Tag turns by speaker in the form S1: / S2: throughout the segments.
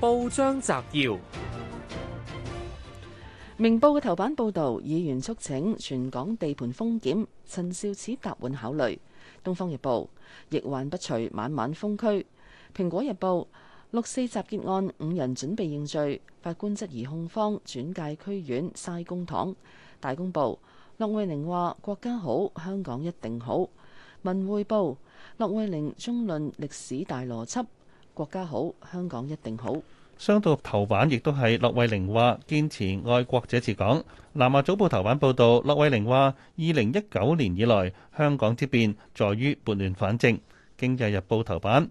S1: 報章摘要：明報嘅頭版報道，議員促請全港地盤封檢，陳肇始答案考慮。東方日報，疫患不除，晚晚封區。蘋果日報，六四集結案五人準備認罪，法官質疑控方轉介區院，嘥公堂。大公報，駱惠寧話國家好，香港一定好。文匯報，駱惠寧中論歷史大邏輯，國家好，香港一定好。
S2: 商報頭版亦都係駱惠寧話堅持愛國者治港。南華早報頭版報導，駱惠寧話：二零一九年以來，香港之變在於撥亂反正。經濟日，日報頭版，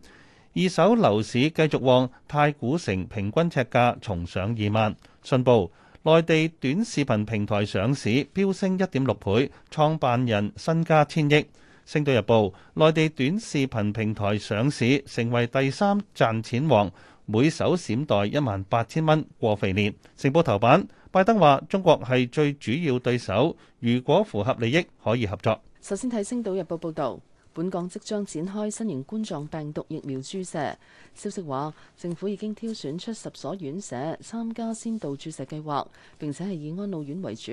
S2: 二手樓市繼續旺，太古城平均尺價重上二萬。信報，內地短視頻平台上市飆升一點六倍，創辦人身家千億。星島日報，內地短視頻平台上市成為第三賺錢王。每手閃袋一萬八千蚊過肥年，成報頭版。拜登話：中國係最主要對手，如果符合利益，可以合作。
S1: 首先睇《星島日報》報導，本港即將展開新型冠狀病毒疫苗注射。消息話，政府已經挑選出十所院舍參加先導注射計劃，並且係以安老院為主，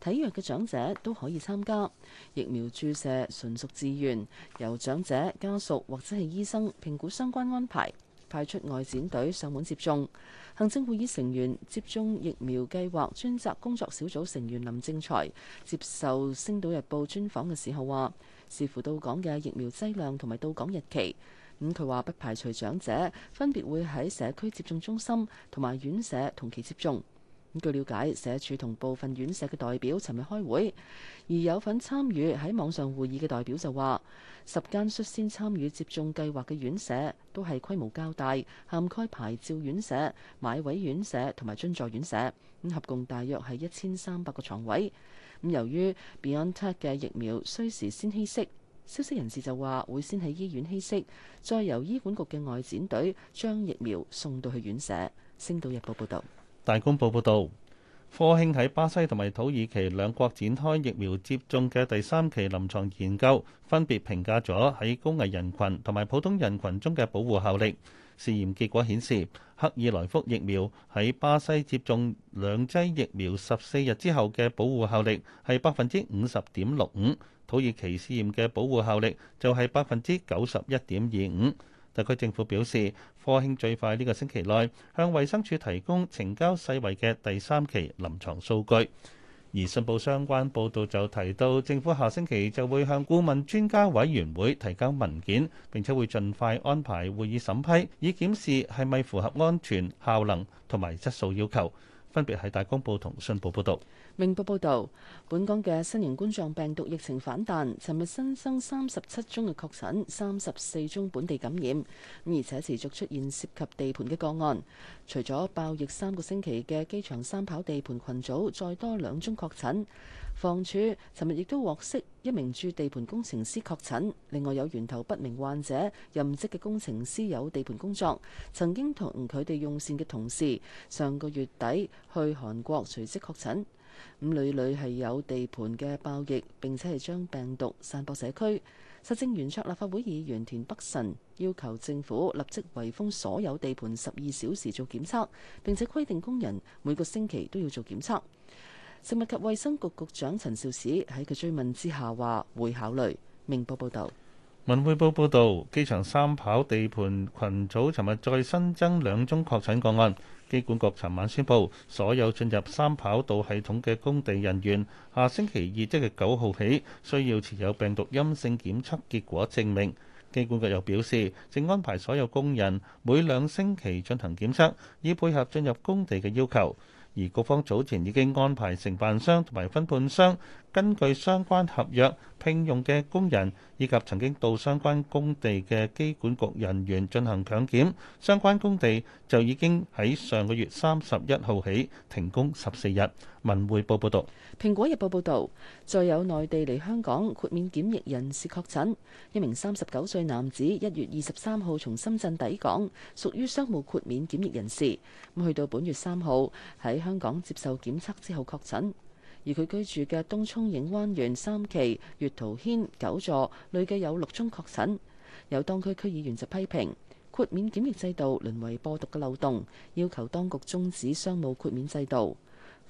S1: 體弱嘅長者都可以參加。疫苗注射純屬自願，由長者、家屬或者係醫生評估相關安排。派出外展隊上門接種。行政會議成員接種疫苗計劃專責工作小組成員林正財接受《星島日報》專訪嘅時候話，視乎到港嘅疫苗劑量同埋到港日期，咁佢話不排除長者分別會喺社區接種中心同埋院舍同期接種。據了解，社署同部分院舍嘅代表尋日開會，而有份參與喺網上會議嘅代表就話，十間率先參與接種計劃嘅院舍都係規模較大，涵蓋牌照院舍、買位院舍同埋津助院舍，咁合共大約係一千三百個床位。咁由於 BioNTech 嘅疫苗需時先稀釋，消息人士就話會先喺醫院稀釋，再由醫管局嘅外展隊將疫苗送到去院舍。星島日報報道。
S2: 大公報報導，科興喺巴西同埋土耳其兩國展開疫苗接種嘅第三期臨床研究，分別評價咗喺高危人群同埋普通人群中嘅保護效力。試驗結果顯示，克爾來福疫苗喺巴西接種兩劑疫苗十四日之後嘅保護效力係百分之五十點六五，土耳其試驗嘅保護效力就係百分之九十一點二五。特區政府表示，科興最快呢個星期內向衛生署提供呈交世衞嘅第三期臨床數據。而信報相關報導就提到，政府下星期就會向顧問專家委員會提交文件，並且會盡快安排會議審批，以檢視係咪符合安全、效能同埋質素要求。分別係大公報同信報報導。
S1: 明報報道，本港嘅新型冠狀病毒疫情反彈，尋日新增三十七宗嘅確診，三十四宗本地感染，而且持續出現涉及地盤嘅個案。除咗爆疫三個星期嘅機場三跑地盤群組再多兩宗確診，房署尋日亦都獲悉一名駐地盤工程師確診，另外有源頭不明患者，任職嘅工程師有地盤工作，曾經同佢哋用膳嘅同事上個月底去韓國隨即確診。咁屢屢係有地盤嘅爆疫，並且係將病毒散播社區。實政圓桌立法會議員田北辰要求政府立即圍封所有地盤十二小時做檢測，並且規定工人每個星期都要做檢測。食物及衛生局局長陳肇始喺佢追問之下話會考慮。明報報道。
S2: 文匯報報道，機場三跑地盤群組尋日再新增兩宗確診個案。機管局尋晚宣布，所有進入三跑道系統嘅工地人員，下星期二即係九號起，需要持有病毒陰性檢測結果證明。機管局又表示，正安排所有工人每兩星期進行檢測，以配合進入工地嘅要求。而各方早前已經安排承辦商同埋分判商根據相關合約聘用嘅工人，以及曾經到相關工地嘅機管局人員進行強檢，相關工地就已經喺上個月三十一號起停工十四日。文匯報報道，
S1: 蘋果日報報道，再有內地嚟香港豁免檢疫人士確診，一名三十九歲男子一月二十三號從深圳抵港，屬於商務豁免檢疫人士。咁去到本月三號喺香港接受檢測之後確診，而佢居住嘅東涌影灣園三期月桃軒九座累計有六宗確診。有當區區議員就批評豁免檢疫制度淪為播毒嘅漏洞，要求當局終止商務豁免制度。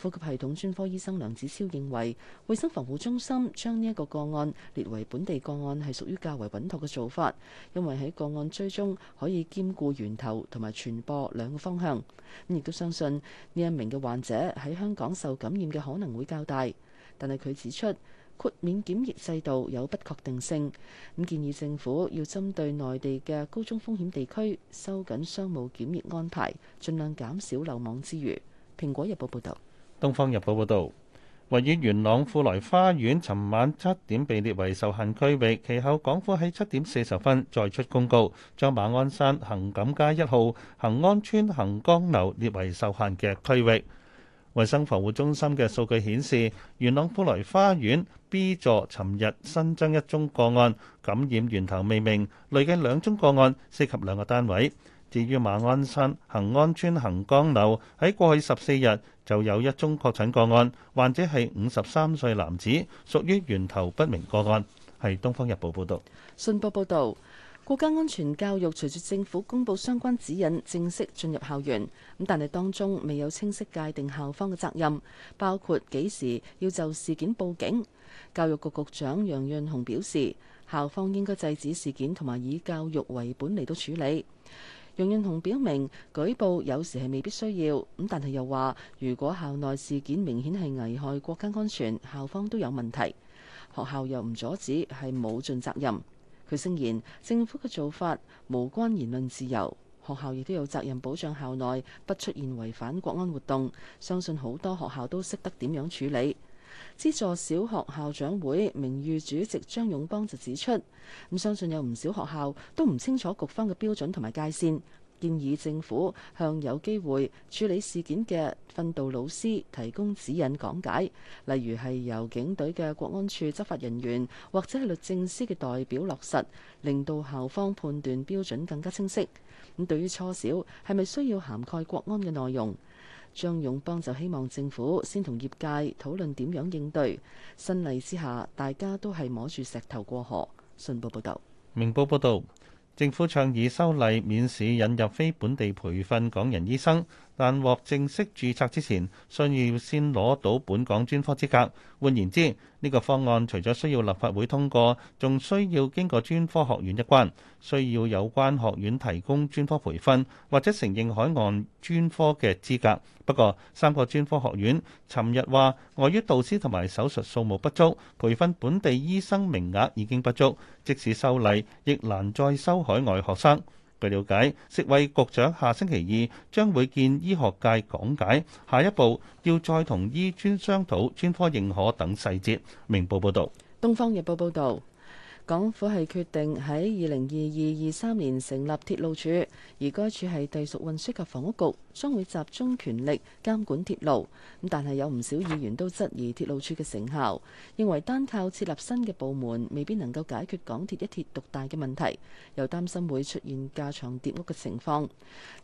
S1: 呼吸系統專科醫生梁子超認為，衞生防護中心將呢一個個案列為本地個案係屬於較為穩妥嘅做法，因為喺個案追蹤可以兼顧源頭同埋傳播兩個方向。亦都相信呢一名嘅患者喺香港受感染嘅可能會較大，但係佢指出豁免檢疫制度有不確定性，咁建議政府要針對內地嘅高中風險地區收緊商務檢疫安排，盡量減少漏網之魚。《蘋果日報》報道。
S2: 《東方日報》報導，位於元朗富萊花園，尋晚七點被列為受限區域。其後，港府喺七點四十分再出公告，將馬鞍山恆錦街一號恆安邨恆江樓列為受限嘅區域。衞生防護中心嘅數據顯示，元朗富萊花園 B 座尋日新增一宗個案，感染源頭未明，累計兩宗個案涉及兩個單位。至於馬鞍山恒安邨恒江樓喺過去十四日就有一宗確診個案，患者係五十三歲男子，屬於源頭不明個案。係《東方日報》報導。
S1: 信報報導，國家安全教育隨住政府公布相關指引正式進入校園，咁但係當中未有清晰界定校方嘅責任，包括幾時要就事件報警。教育局局長楊潤雄表示，校方應該制止事件同埋以教育為本嚟到處理。楊潤雄表明，舉報有時係未必需要，咁但係又話，如果校內事件明顯係危害國家安全，校方都有問題，學校又唔阻止，係冇盡責任。佢聲言，政府嘅做法無關言論自由，學校亦都有責任保障校內不出現違反國安活動，相信好多學校都識得點樣處理。資助小學校長會名譽主席張勇邦就指出，咁相信有唔少學校都唔清楚局方嘅標準同埋界線，建議政府向有機會處理事件嘅訓導老師提供指引講解，例如係由警隊嘅國安處執法人員或者係律政司嘅代表落實，令到校方判斷標準更加清晰。咁對於初小係咪需要涵蓋國安嘅內容？張勇邦就希望政府先同業界討論點樣應對。新例之下，大家都係摸住石頭過河。信報報道，
S2: 明報報道，政府倡議修例免試引入非本地培訓港人醫生。但獲正式註冊之前，需要先攞到本港專科資格。換言之，呢個方案除咗需要立法會通過，仲需要經過專科學院一關，需要有關學院提供專科培訓或者承認海外專科嘅資格。不過，三個專科學院尋日話，礙於導師同埋手術數目不足，培訓本地醫生名額已經不足，即使修例，亦難再收海外學生。據了解，食衞局長下星期二將會見醫學界，講解下一步要再同醫專商討專科認可等細節。明報報導。
S1: 東方日報報導，港府係決定喺二零二二二三年成立鐵路處，而該處係隸屬運輸及房屋局。將會集中權力監管鐵路，咁但係有唔少議員都質疑鐵路處嘅成效，認為單靠設立新嘅部門未必能夠解決港鐵一鐵獨大嘅問題，又擔心會出現架床疊屋嘅情況。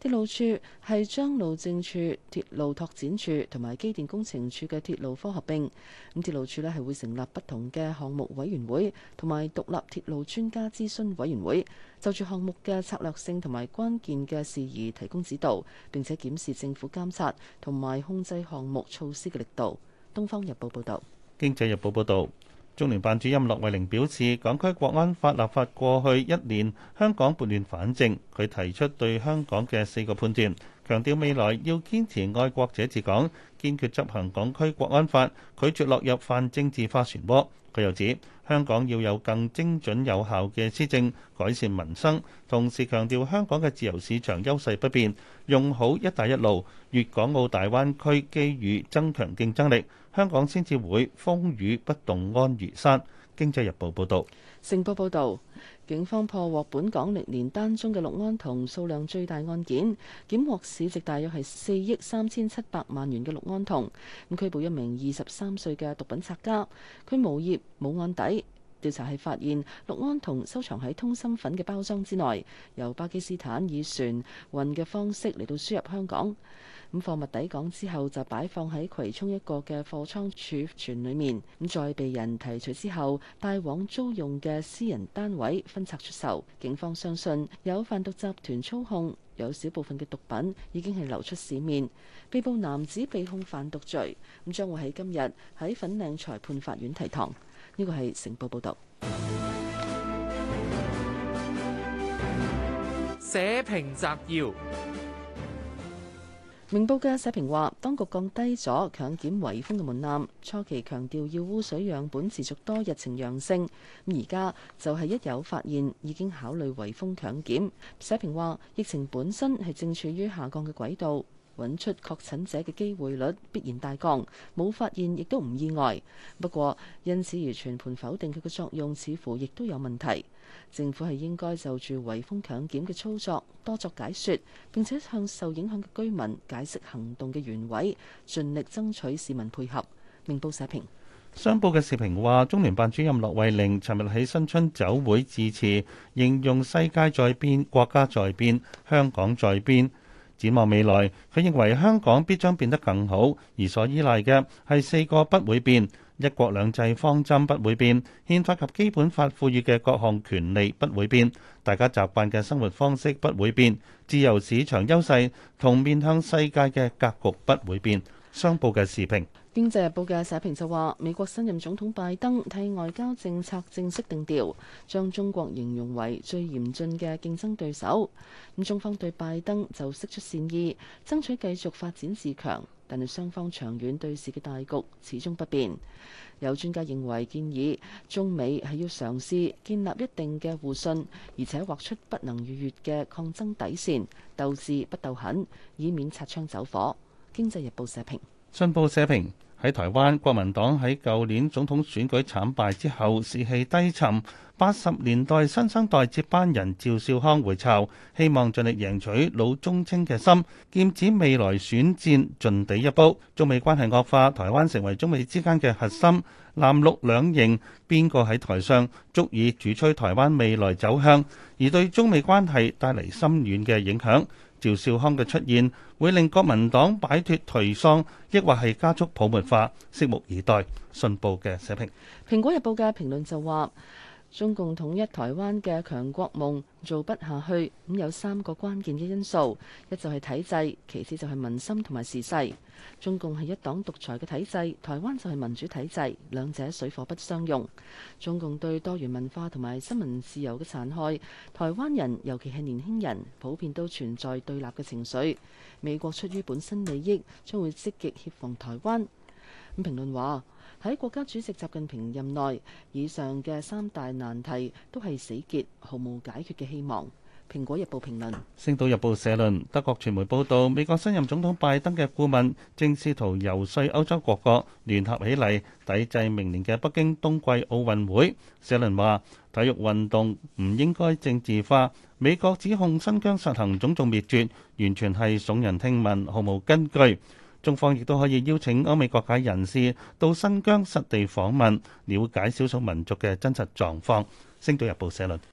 S1: 鐵路處係將路政處、鐵路拓展處同埋機電工程處嘅鐵路科合併，咁鐵路處呢係會成立不同嘅項目委員會同埋獨立鐵路專家諮詢委員會。就住項目嘅策略性同埋關鍵嘅事宜提供指導，並且檢視政府監察同埋控制項目措施嘅力度。《東方日報》報導，《經濟
S2: 日報》報導，中聯辦主任駱惠寧表示，港區國安法立法過去一年，香港撥亂反正。佢提出對香港嘅四個判斷，強調未來要堅持愛國者治港，堅決執行港區國安法，拒絕落入泛政治化漩渦。佢又指，香港要有更精準有效嘅施政，改善民生，同時強調香港嘅自由市場優勢不變，用好一帶一路、粵港澳大灣區機遇，增強競爭力，香港先至會風雨不動安如山。經濟日報報道，
S1: 成報報道，警方破獲本港歷年單宗嘅氯胺酮數量最大案件，檢獲市值大約係四億三千七百萬元嘅氯胺酮，咁拘捕一名二十三歲嘅毒品拆家，佢無業冇案底。調查係發現氯胺酮收藏喺通心粉嘅包裝之內，由巴基斯坦以船運嘅方式嚟到輸入香港。咁貨物抵港之後就擺放喺葵涌一個嘅貨倉儲存裏面，咁再被人提取之後帶往租用嘅私人單位分拆出售。警方相信有販毒集團操控，有少部分嘅毒品已經係流出市面。被捕男子被控販毒罪，咁將會喺今日喺粉嶺裁判法院提堂。呢個係成報報道。社評摘要。明報嘅社評話，當局降低咗強檢圍封嘅門檻，初期強調要污水樣本持續多日呈陽性，而家就係一有發現已經考慮圍封強檢。社評話，疫情本身係正處於下降嘅軌道，揾出確診者嘅機會率必然大降，冇發現亦都唔意外。不過，因此而全盤否定佢嘅作用，似乎亦都有問題。政府係應該就住圍封強檢嘅操作多作解説，並且向受影響嘅居民解釋行動嘅原委，盡力爭取市民配合。明報社評。商
S2: 報嘅社評話，中聯辦主任駱惠寧尋日喺新春酒會致辭，形容世界在變，國家在變，香港在變。展望未來，佢認為香港必將變得更好，而所依賴嘅係四個不會變。一國兩制方針不會變，憲法及基本法賦予嘅各項權利不會變，大家習慣嘅生活方式不會變，自由市場優勢同面向世界嘅格局不會變。商報嘅時評，
S1: 經濟日報嘅社評就話：美國新任總統拜登替外交政策正式定調，將中國形容為最嚴峻嘅競爭對手。咁中方對拜登就釋出善意，爭取繼續發展自強。但係雙方長遠對峙嘅大局始終不變。有專家認為建議中美係要嘗試建立一定嘅互信，而且劃出不能逾越嘅抗爭底線，鬥智不鬥狠，以免擦槍走火。經濟日報社評，
S2: 信報社評。喺台灣，國民黨喺舊年總統選舉慘敗之後士氣低沉，八十年代新生代接班人趙少康回巢，希望盡力贏取老中青嘅心，劍指未來選戰盡地一煲。中美關係惡化，台灣成為中美之間嘅核心，藍綠兩營邊個喺台上足以主催台灣未來走向，而對中美關係帶嚟深遠嘅影響。趙少康嘅出現會令國民黨擺脫頹喪，抑或係加速泡沫化，拭目以待。信報嘅社評，
S1: 蘋果日報嘅評論就話。中共統一台灣嘅強國夢做不下去，咁有三個關鍵嘅因素，一就係體制，其次就係民心同埋時勢。中共係一黨獨裁嘅體制，台灣就係民主體制，兩者水火不相容。中共對多元文化同埋新聞自由嘅殘害，台灣人尤其係年輕人普遍都存在對立嘅情緒。美國出於本身利益，將會積極協防台灣。咁評論話。喺國家主席習近平任內，以上嘅三大難題都係死結，毫無解決嘅希望。《蘋果日報》評論，
S2: 《星島日報》社論。德國傳媒報導，美國新任總統拜登嘅顧問正試圖遊說歐洲各國聯合起嚟，抵制明年嘅北京冬季奧運會。社論話：體育運動唔應該政治化。美國指控新疆實行種族滅絕，完全係聳人聽聞，毫無根據。中方亦都可以邀請歐美各界人士到新疆實地訪問，了解少數民族嘅真實狀況。星島日報社論。